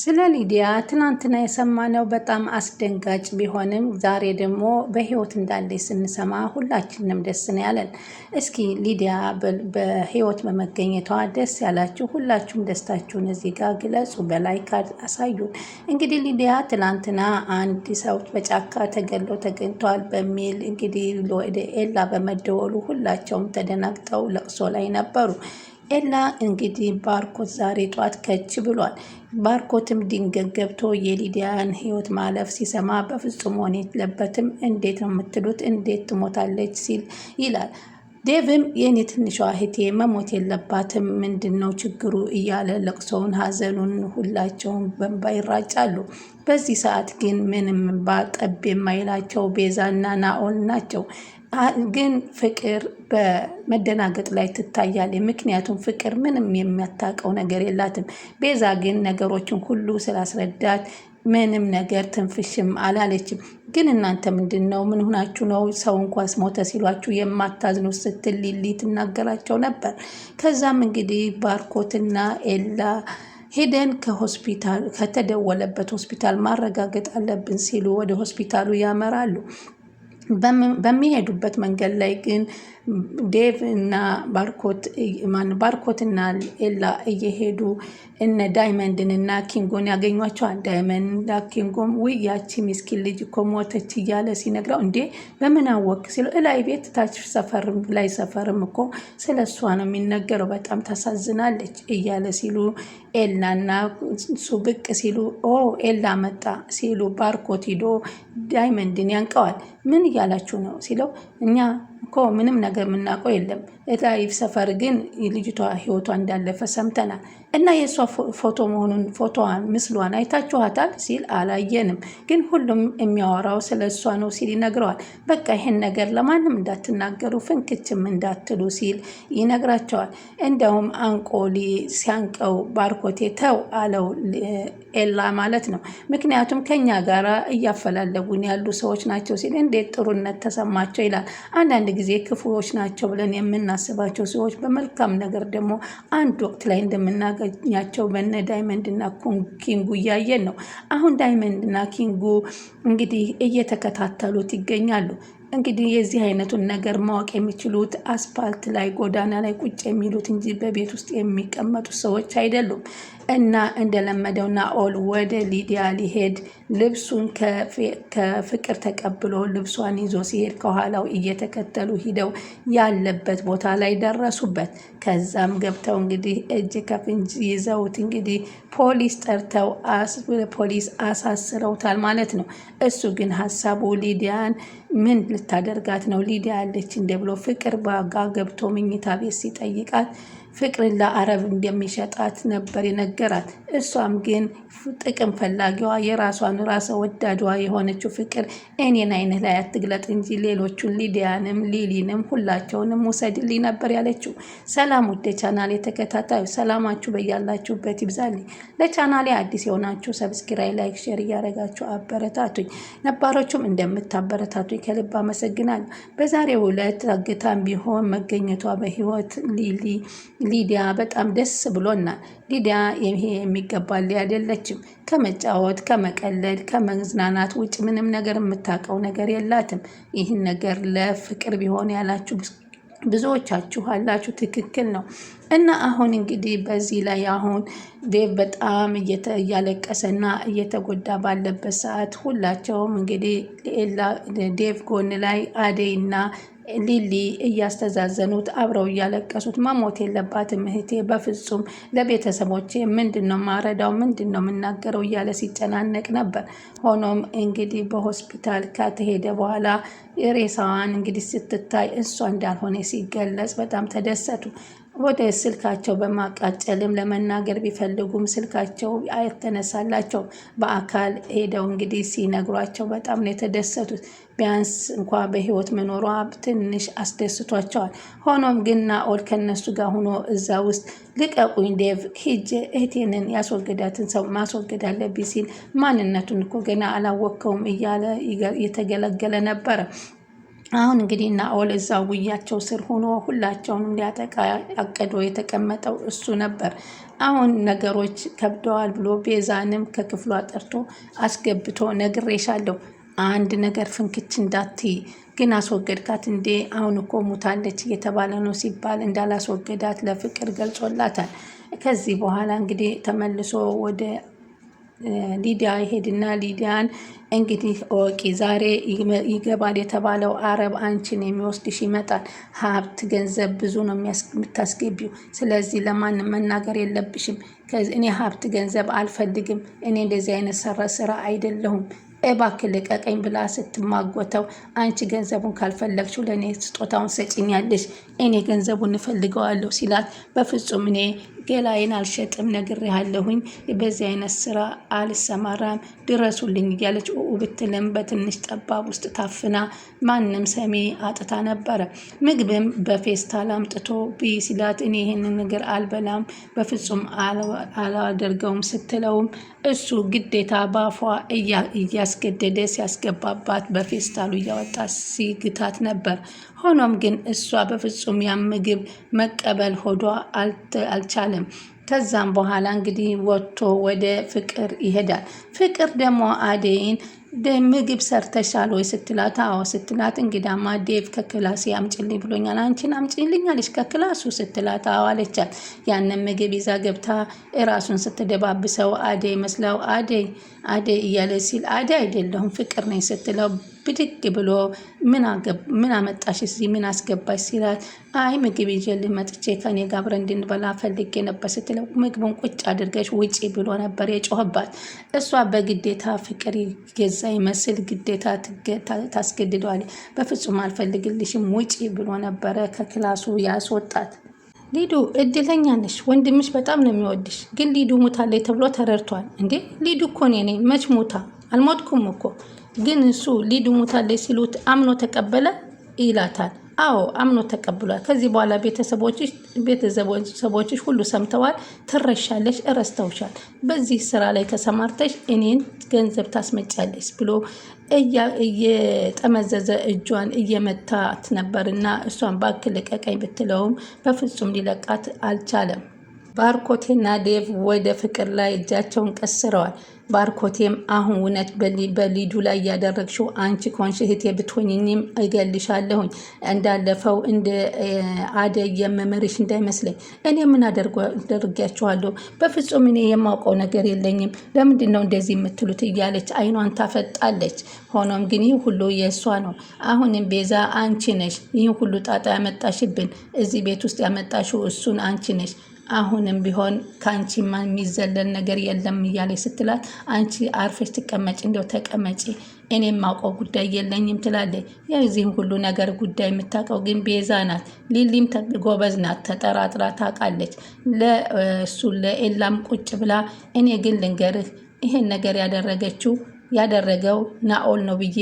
ስለ ሊዲያ ትናንትና የሰማነው በጣም አስደንጋጭ ቢሆንም ዛሬ ደግሞ በህይወት እንዳለች ስንሰማ ሁላችንም ደስ ነው ያለን። እስኪ ሊዲያ በህይወት በመገኘቷ ደስ ያላችሁ ሁላችሁም ደስታችሁን እዚህ ጋር ግለጹ፣ በላይክ አሳዩን። እንግዲህ ሊዲያ ትናንትና አንድ ሰው በጫካ ተገሎ ተገኝቷል በሚል እንግዲህ ወደ ኤላ በመደወሉ ሁላቸውም ተደናግጠው ለቅሶ ላይ ነበሩ። ኤላ እንግዲህ ባርኮት ዛሬ ጧት ከች ብሏል። ባርኮትም ድንገት ገብቶ የሊዲያን ህይወት ማለፍ ሲሰማ በፍጹም ሆን የለበትም እንዴት ነው የምትሉት? እንዴት ትሞታለች? ሲል ይላል። ዴቭም የኔ ትንሿ እህቴ መሞት የለባትም ምንድን ነው ችግሩ? እያለ ለቅሶውን ሀዘኑን ሁላቸውን በንባ ይራጫሉ። በዚህ ሰዓት ግን ምንም ባጠብ ጠብ የማይላቸው ቤዛና ናኦል ናቸው። ግን ፍቅር በመደናገጥ ላይ ትታያለች። ምክንያቱም ፍቅር ምንም የሚያታውቀው ነገር የላትም። ቤዛ ግን ነገሮችን ሁሉ ስላስረዳት ምንም ነገር ትንፍሽም አላለችም። ግን እናንተ ምንድን ነው? ምን ሆናችሁ ነው ሰው እንኳስ ሞተ ሲሏችሁ የማታዝኑ? ስትል ሊሊ ትናገራቸው ነበር። ከዛም እንግዲህ ባርኮትና ኤላ ሄደን ከሆስፒታል ከተደወለበት ሆስፒታል ማረጋገጥ አለብን ሲሉ ወደ ሆስፒታሉ ያመራሉ። በሚሄዱበት መንገድ ላይ ግን ዴቭ እና ባርኮት ባርኮት እና ኤላ እየሄዱ እነ ዳይመንድን እና ኪንጎን ያገኟቸዋል። ዳይመንድ ኪንጎም ውይ ያቺ ሚስኪን ልጅ እኮ ሞተች እያለ ሲነግረው እንዴ በምን አወቅ ሲሉ እላይ ቤት ታች ሰፈርም ላይ ሰፈርም እኮ ስለ እሷ ነው የሚነገረው በጣም ታሳዝናለች እያለ ሲሉ እና እሱ ብቅ ሲሉ ኦ ኤላ መጣ ሲሉ ባርኮት ሂዶ ዳይመንድን ያንቀዋል። ምን እያላችሁ ነው ሲለው እኛ እኮ ምንም ነገር የምናውቀው የለም። ላይፍ ሰፈር ግን ልጅቷ ህይወቷ እንዳለፈ ሰምተናል እና የእሷ ፎቶ መሆኑን ፎቶዋን ምስሏን አይታችኋታል ሲል አላየንም፣ ግን ሁሉም የሚያወራው ስለ እሷ ነው ሲል ይነግረዋል። በቃ ይህን ነገር ለማንም እንዳትናገሩ ፍንክችም እንዳትሉ ሲል ይነግራቸዋል። እንደውም አንቆሊ ሲያንቀው ባርኮቴ ተው አለው ኤላ ማለት ነው። ምክንያቱም ከኛ ጋር እያፈላለጉን ያሉ ሰዎች ናቸው ሲል እንዴት ጥሩነት ተሰማቸው ይላል። አንዳንድ ጊዜ ጊዜ ክፉዎች ናቸው ብለን የምናስባቸው ሰዎች በመልካም ነገር ደግሞ አንድ ወቅት ላይ እንደምናገኛቸው በነ ዳይመንድ እና ኪንጉ እያየን ነው። አሁን ዳይመንድ እና ኪንጉ እንግዲህ እየተከታተሉት ይገኛሉ። እንግዲህ የዚህ አይነቱን ነገር ማወቅ የሚችሉት አስፓልት ላይ ጎዳና ላይ ቁጭ የሚሉት እንጂ በቤት ውስጥ የሚቀመጡ ሰዎች አይደሉም። እና እንደለመደው ናኦል ወደ ሊዲያ ሊሄድ ልብሱን ከፍቅር ተቀብሎ ልብሷን ይዞ ሲሄድ ከኋላው እየተከተሉ ሂደው ያለበት ቦታ ላይ ደረሱበት። ከዛም ገብተው እንግዲህ እጅ ከፍንጅ ይዘውት እንግዲህ ፖሊስ ጠርተው ፖሊስ አሳስረውታል ማለት ነው። እሱ ግን ሀሳቡ ሊዲያን ምን ልታደርጋት ነው ሊዲያ ያለች እንደ ብሎ ፍቅር ባጋ ገብቶ መኝታ ቤት ሲጠይቃት ፍቅርን ለአረብ እንደሚሸጣት ነበር የነገራት። እሷም ግን ጥቅም ፈላጊዋ የራሷን ራሰ ወዳጇ የሆነችው ፍቅር እኔን አይነት ላይ አትግለጥ እንጂ ሌሎቹን ሊዲያንም ሊሊንም ሁላቸውንም ውሰድልኝ ነበር ያለችው። ሰላም ወደ ቻናሌ ተከታታዩ ሰላማችሁ በያላችሁበት ይብዛልኝ። ለቻናሌ አዲስ የሆናችሁ ሰብስክራይ፣ ላይክ፣ ሼር እያደረጋችሁ አበረታቱኝ። ነባሮቹም እንደምታበረታቱኝ ከልብ አመሰግናለሁ። በዛሬው ዕለት ታግታም ቢሆን መገኘቷ በህይወት ሊሊ ሊዲያ በጣም ደስ ብሎናል። ሊዲያ ይሄ የሚገባል አይደለችም። ከመጫወት ከመቀለድ ከመዝናናት ውጭ ምንም ነገር የምታውቀው ነገር የላትም። ይህን ነገር ለፍቅር ቢሆን ያላችሁ ብዙዎቻችሁ አላችሁ። ትክክል ነው። እና አሁን እንግዲህ በዚህ ላይ አሁን ዴቭ በጣም እያለቀሰና እየተጎዳ ባለበት ሰዓት ሁላቸውም እንግዲህ ዴቭ ጎን ላይ አደይና ሊሊ እያስተዛዘኑት አብረው እያለቀሱት መሞት የለባትም እህቴ፣ በፍጹም ለቤተሰቦቼ ምንድን ነው ማረዳው፣ ምንድን ነው የምናገረው እያለ ሲጨናነቅ ነበር። ሆኖም እንግዲህ በሆስፒታል ከተሄደ በኋላ የሬሳዋን እንግዲህ ስትታይ እሷ እንዳልሆነ ሲገለጽ በጣም ተደሰቱ። ወደ ስልካቸው በማቃጨልም ለመናገር ቢፈልጉም ስልካቸው አይተነሳላቸው። በአካል ሄደው እንግዲህ ሲነግሯቸው በጣም ነው የተደሰቱት። ቢያንስ እንኳ በህይወት መኖሯ ትንሽ አስደስቷቸዋል። ሆኖም ግን ናኦል ከነሱ ጋር ሆኖ እዛ ውስጥ ልቀቁኝ ዴቭ ሂጄ እህቴንን ያስወገዳትን ሰው ማስወገድ አለብኝ ሲል ማንነቱን እኮ ገና አላወቀውም እያለ የተገለገለ ነበረ። አሁን እንግዲህ ናኦል እዛ ውያቸው ስር ሆኖ ሁላቸውንም ሊያጠቃ አቅዶ የተቀመጠው እሱ ነበር። አሁን ነገሮች ከብደዋል ብሎ ቤዛንም ከክፍሏ ጠርቶ አስገብቶ ነግሬሻለሁ አንድ ነገር ፍንክች እንዳትይ ግን አስወገድካት እንዴ? አሁን እኮ ሙታለች እየተባለ ነው ሲባል እንዳላስወገዳት ለፍቅር ገልጾላታል። ከዚህ በኋላ እንግዲህ ተመልሶ ወደ ሊዲያ ይሄድና ሊዲያን እንግዲህ ኦቂ ዛሬ ይገባል የተባለው አረብ አንቺን የሚወስድሽ ይመጣል። ሀብት፣ ገንዘብ ብዙ ነው የምታስገቢው። ስለዚህ ለማንም መናገር የለብሽም። እኔ ሀብት፣ ገንዘብ አልፈልግም። እኔ እንደዚህ አይነት ሰራ ስራ አይደለሁም። እባክ ልቀቀኝ ብላ ስትማጎተው አንቺ ገንዘቡን ካልፈለግሽው ለእኔ ስጦታውን ሰጭኛለሽ፣ እኔ ገንዘቡን እፈልገዋለሁ ሲላት በፍጹም እኔ ገላዬን አልሸጥም ነግሬሃለሁኝ፣ በዚህ አይነት ስራ አልሰማራም ድረሱልኝ እያለች ብትልም በትንሽ ጠባብ ውስጥ ታፍና ማንም ሰሚ አጥታ ነበረ። ምግብም በፌስታል አምጥቶ ብይ ሲላት እኔ ይህንን ነገር አልበላም በፍጹም አላደርገውም ስትለውም እሱ ግዴታ ባፏ እያስገደደ ሲያስገባባት በፌስታሉ እያወጣ ሲግታት ነበር። ሆኖም ግን እሷ በፍጹም ያን ምግብ መቀበል ሆዷ አልቻለም። ከዛም በኋላ እንግዲህ ወጥቶ ወደ ፍቅር ይሄዳል። ፍቅር ደግሞ አደይን ምግብ ሰርተሻል ወይ ስትላት፣ አዎ ስትላት፣ እንግዳማ ዴቭ ከክላስ አምጪልኝ ብሎኛል፣ አንቺን አምጪልኝ አለች ከክላሱ ስትላት፣ አዎ አለቻት። ያንን ምግብ ይዛ ገብታ እራሱን ስትደባብሰው አደይ መስለው አደይ አደይ እያለ ሲል አደይ አይደለሁም ፍቅር ነኝ ስትለው ብድግ ብሎ ምን አመጣሽ እዚህ ምን አስገባሽ ሲላት፣ አይ ምግብ ይዤልህ መጥቼ ከኔ ጋር አብረን እንድንበላ ፈልጌ ነበር ስትለው፣ ምግቡን ቁጭ አድርገሽ ውጪ ብሎ ነበር የጮህባት እሷ በግዴታ ፍቅር ገዛ ይመስል ግዴታ ታስገድደዋል። በፍጹም አልፈልግልሽም ውጪ ብሎ ነበረ ከክላሱ ያስወጣት። ሊዱ እድለኛ ነሽ፣ ወንድምሽ በጣም ነው የሚወድሽ። ግን ሊዱ ሙታለች ተብሎ ተረድቷል እንዴ? ሊዱ እኮ እኔ ነኝ። መች ሙታ አልሞትኩም እኮ ግን እሱ ሊድሙታለች ሲሉት አምኖ ተቀበለ ይላታል። አዎ አምኖ ተቀብሏል። ከዚህ በኋላ ቤተሰቦችሽ ሁሉ ሰምተዋል፣ ትረሻለሽ፣ እረስተውሻል። በዚህ ስራ ላይ ተሰማርተሽ እኔን ገንዘብ ታስመጫለች ብሎ እየጠመዘዘ እጇን እየመታት ነበር እና እሷን ባክ ልቀቀኝ ብትለውም በፍጹም ሊለቃት አልቻለም። ባርኮቴና ዴቭ ወደ ፍቅር ላይ እጃቸውን ቀስረዋል። ባርኮቴም አሁን እውነት በሊዱ ላይ እያደረግሽው አንቺ ከሆንሽ እህቴ ብትሆኝ እገልሻለሁኝ። እንዳለፈው እንደ አደይ የምመርሽ እንዳይመስለኝ። እኔ ምን አደርጊያችኋለሁ? በፍጹም እኔ የማውቀው ነገር የለኝም። ለምንድን ነው እንደዚህ የምትሉት? እያለች አይኗን ታፈጣለች። ሆኖም ግን ይህ ሁሉ የእሷ ነው። አሁንም ቤዛ አንቺ ነሽ ይህ ሁሉ ጣጣ ያመጣሽብን። እዚህ ቤት ውስጥ ያመጣሽው እሱን አንቺ ነሽ። አሁንም ቢሆን ከአንቺ የሚዘለን ነገር የለም እያለች ስትላት፣ አንቺ አርፈሽ ትቀመጭ እንደው ተቀመጪ፣ እኔ ማውቀው ጉዳይ የለኝም ትላለች። የዚህም ሁሉ ነገር ጉዳይ የምታውቀው ግን ቤዛ ናት። ሊሊም ጎበዝ ናት፣ ተጠራጥራ ታውቃለች። ለእሱ ለኤላም ቁጭ ብላ እኔ ግን ልንገርህ ይሄን ነገር ያደረገችው ያደረገው ናኦል ነው ብዬ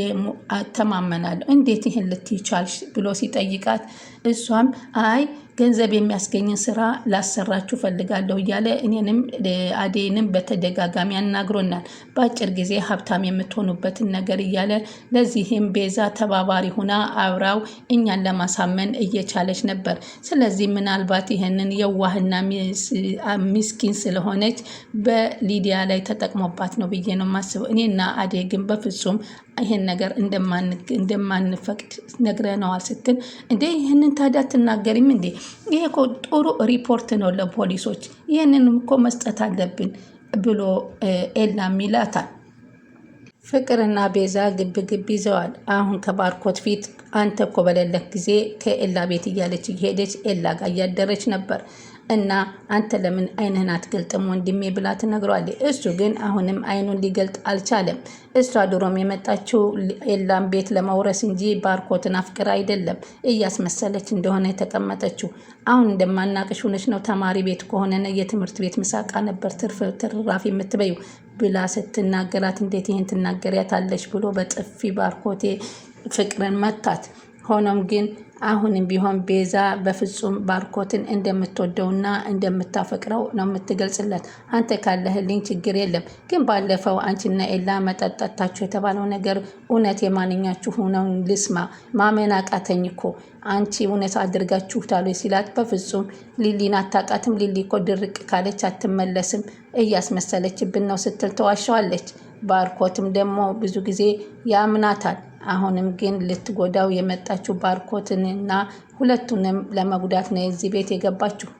ተማመናለሁ። እንዴት ይህን ልትይቻልሽ ብሎ ሲጠይቃት እሷም አይ ገንዘብ የሚያስገኝ ስራ ላሰራችሁ ፈልጋለሁ እያለ እኔንም አዴንም በተደጋጋሚ አናግሮናል። በአጭር ጊዜ ሀብታም የምትሆኑበትን ነገር እያለ ለዚህም ቤዛ ተባባሪ ሁና አብራው እኛን ለማሳመን እየቻለች ነበር። ስለዚህ ምናልባት ይህንን የዋህና ሚስኪን ስለሆነች በሊዲያ ላይ ተጠቅሞባት ነው ብዬ ነው የማስበው። እኔና አዴ ግን በፍጹም ይሄን ነገር እንደማንፈቅድ ነግረነዋል ስትል እንዴ ይህንን ታዲያ አትናገሪም እንዴ? ይሄ እኮ ጥሩ ሪፖርት ነው ለፖሊሶች፣ ይህንን እኮ መስጠት አለብን ብሎ ኤላም ይላታል። ፍቅርና ቤዛ ግብ ግብ ይዘዋል። አሁን ከባርኮት ፊት አንተ እኮ በሌለህ ጊዜ ከኤላ ቤት እያለች እየሄደች ኤላ ጋር እያደረች ነበር። እና አንተ ለምን አይንህን አትገልጥም ወንድሜ ብላ ትነግረዋለች። እሱ ግን አሁንም አይኑን ሊገልጥ አልቻለም። እሷ ድሮም የመጣችው ኤላን ቤት ለመውረስ እንጂ ባርኮትን አፍቅር አይደለም፣ እያስመሰለች እንደሆነ የተቀመጠችው። አሁን እንደማናቅሽ ሆነች ነው ተማሪ ቤት ከሆነ የትምህርት ቤት ምሳቃ ነበር ትርራፍ የምትበዩ ብላ ስትናገራት፣ እንዴት ይህን ትናገሪያታለች ብሎ በጥፊ ባርኮቴ ፍቅርን መታት። ሆኖም ግን አሁንም ቢሆን ቤዛ በፍጹም ባርኮትን እንደምትወደውና እንደምታፈቅረው ነው የምትገልጽለት። አንተ ካለህልኝ ችግር የለም ግን ባለፈው አንቺና ኤላ መጠጠታችሁ የተባለው ነገር እውነት የማንኛችሁ ነው ልስማ። ማመን አቃተኝ እኮ አንቺ እውነት አድርጋችሁታል ሲላት፣ በፍጹም ሊሊን አታውቃትም፣ ሊሊ እኮ ድርቅ ካለች አትመለስም፣ እያስመሰለችብን ነው ስትል ተዋሸዋለች። ባርኮትም ደግሞ ብዙ ጊዜ ያምናታል። አሁንም ግን ልትጎዳው የመጣችው ባርኮትንና ሁለቱንም ለመጉዳት ነው የዚህ ቤት የገባችው።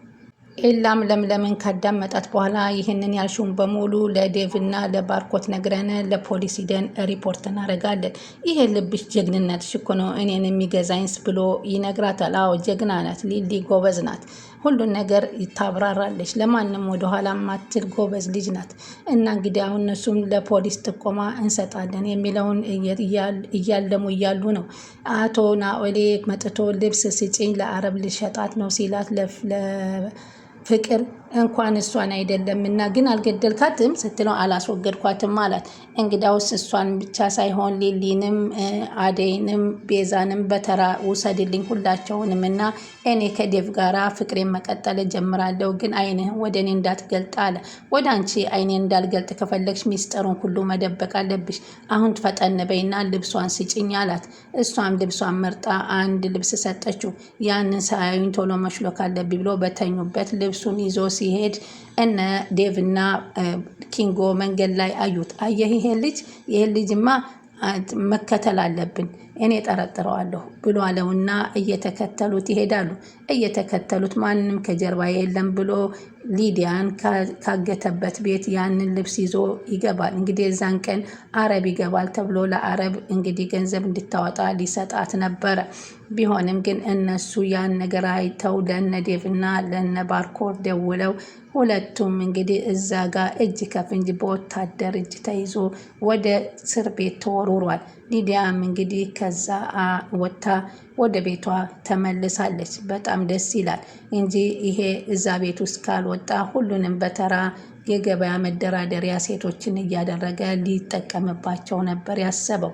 ኤላም ለምለምን ካዳመጣት በኋላ ይህንን ያልሽውን በሙሉ ለዴቭና ለባርኮት ነግረን ለፖሊስ ሂደን ሪፖርት እናደርጋለን። ይሄ ልብሽ ጀግንነትሽ እኮ ነው እኔን የሚገዛኝስ ብሎ ይነግራታል። አዎ ጀግና ናት፣ ሊሊ ጎበዝ ናት። ሁሉን ነገር ታብራራለች። ለማንም ወደኋላ ማትል ጎበዝ ልጅ ናት እና እንግዲህ አሁን እነሱም ለፖሊስ ጥቆማ እንሰጣለን የሚለውን እያለሙ እያሉ ነው አቶ ናኦሌ መጥቶ ልብስ ስጭኝ ለአረብ ልሸጣት ነው ሲላት ፍቅር እንኳን እሷን አይደለም እና ግን አልገደልካትም ስትለው አላስወገድኳትም አላት። እንግዳውስ እሷን ብቻ ሳይሆን ሊሊንም፣ አደይንም፣ ቤዛንም በተራ ውሰድልኝ ሁላቸውንም እና እኔ ከዴቭ ጋራ ፍቅሬን መቀጠል ጀምራለሁ። ግን አይንህን ወደ እኔ እንዳትገልጥ አለ። ወደ አንቺ አይኔ እንዳልገልጥ ከፈለግሽ ሚስጥሩን ሁሉ መደበቅ አለብሽ። አሁን ፈጠንበይና ልብሷን ስጭኝ አላት። እሷም ልብሷን መርጣ አንድ ልብስ ሰጠችው። ያንን ሳያዩኝ ቶሎ መሽሎ ካለብኝ ብሎ በተኙበት ልብሱን ይዞ ሲሄድ እነ ዴቭና ኪንጎ መንገድ ላይ አዩት። አየህ ይሄን ልጅ ይሄን ልጅማ መከተል አለብን እኔ ጠረጥረዋለሁ አለውና እየተከተሉት ይሄዳሉ። እየተከተሉት ማንም ከጀርባ የለም ብሎ ሊዲያን ካገተበት ቤት ያንን ልብስ ይዞ ይገባል። እንግዲህ የዛን ቀን አረብ ይገባል ተብሎ ለአረብ እንግዲህ ገንዘብ እንድታወጣ ሊሰጣት ነበረ። ቢሆንም ግን እነሱ ያን ነገር አይተው ለነ ዴቭ እና ለነ ባርኮር ደውለው ሁለቱም እንግዲህ እዛ ጋር እጅ ከፍንጅ በወታደር እጅ ተይዞ ወደ እስር ቤት ተወርውሯል። ሊዲያም እንግዲህ ከዛ ወጥታ ወደ ቤቷ ተመልሳለች። በጣም ደስ ይላል እንጂ ይሄ እዛ ቤት ውስጥ ካልወጣ ሁሉንም በተራ የገበያ መደራደሪያ ሴቶችን እያደረገ ሊጠቀምባቸው ነበር ያሰበው።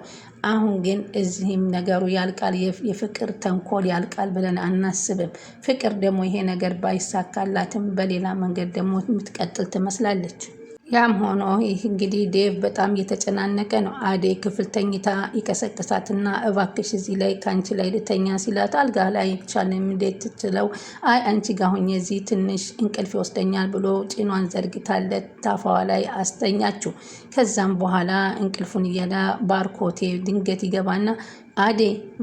አሁን ግን እዚህም ነገሩ ያልቃል፣ የፍቅር ተንኮል ያልቃል ብለን አናስብም። ፍቅር ደግሞ ይሄ ነገር ባይሳካላትም በሌላ መንገድ ደግሞ የምትቀጥል ትመስላለች። ያም ሆኖ ይህ እንግዲህ ዴቭ በጣም እየተጨናነቀ ነው። አዴ ክፍል ተኝታ ይቀሰቅሳትና እባክሽ እዚህ ላይ ከአንቺ ላይ ልተኛ ሲላት አልጋ ላይ አይቻልም እንዴት ትችለው? አይ አንቺ ጋር ሆኜ እዚህ ትንሽ እንቅልፍ ይወስደኛል ብሎ ጭኗን ዘርግታለት ታፋዋ ላይ አስተኛችሁ። ከዛም በኋላ እንቅልፉን እያለ ባርኮቴ ድንገት ይገባና አዴ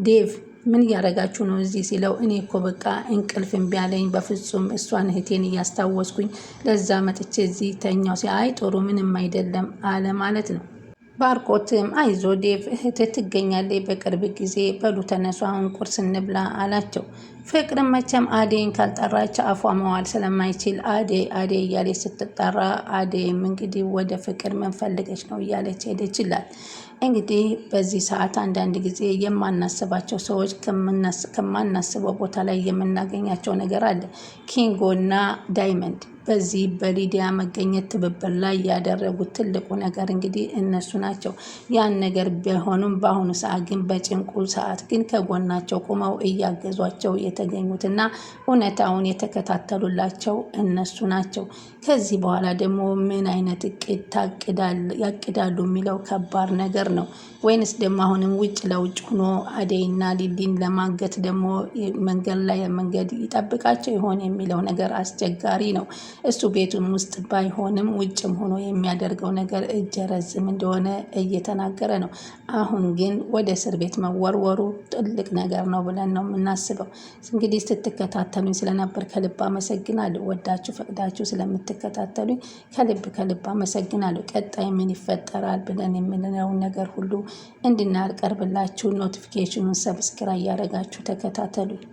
ዴቭ ምን እያደረጋችሁ ነው እዚህ ሲለው፣ እኔ እኮ በቃ እንቅልፍ እምቢ አለኝ። በፍጹም እሷን እህቴን እያስታወስኩኝ ለዛ መጥቼ እዚህ ተኛው ሲያይ ጥሩ ምንም አይደለም አለ ማለት ነው። ባርኮትም አይዞ ዴቭ እህት ትገኛለች በቅርብ ጊዜ፣ በሉ ተነሱ አሁን ቁርስ እንብላ አላቸው። ፍቅርም መቼም አዴይን ካልጠራች አፏ መዋል ስለማይችል አዴ አዴ እያለች ስትጠራ፣ አዴም እንግዲህ ወደ ፍቅር መንፈልገች ነው እያለች ሄደችላል። እንግዲህ በዚህ ሰዓት አንዳንድ ጊዜ የማናስባቸው ሰዎች ከማናስበው ቦታ ላይ የምናገኛቸው ነገር አለ። ኪንጎ እና ዳይመንድ በዚህ በሊዲያ መገኘት ትብብር ላይ ያደረጉት ትልቁ ነገር እንግዲህ እነሱ ናቸው። ያን ነገር ቢሆኑም በአሁኑ ሰዓት ግን በጭንቁ ሰዓት ግን ከጎናቸው ቁመው እያገዟቸው የተገኙትና እውነታውን የተከታተሉላቸው እነሱ ናቸው። ከዚህ በኋላ ደግሞ ምን አይነት እቅድ ያቅዳሉ የሚለው ከባድ ነገር ነው። ወይንስ ደግሞ አሁንም ውጭ ለውጭ ሆኖ አደይና ሊሊን ለማገት ደግሞ መንገድ ላይ መንገድ ይጠብቃቸው ይሆን የሚለው ነገር አስቸጋሪ ነው። እሱ ቤቱም ውስጥ ባይሆንም ውጭም ሆኖ የሚያደርገው ነገር እጀ ረዝም እንደሆነ እየተናገረ ነው። አሁን ግን ወደ እስር ቤት መወርወሩ ትልቅ ነገር ነው ብለን ነው የምናስበው። እንግዲህ ስትከታተሉኝ ስለነበር ከልብ አመሰግናለሁ። ወዳችሁ ፈቅዳችሁ ስለምትከታተሉኝ ከልብ ከልብ አመሰግናለሁ። ቀጣይ ምን ይፈጠራል ብለን የምንለውን ነገር ሁሉ እንድናቀርብላችሁ ኖቲፊኬሽኑን ሰብስክራ እያደረጋችሁ ተከታተሉኝ።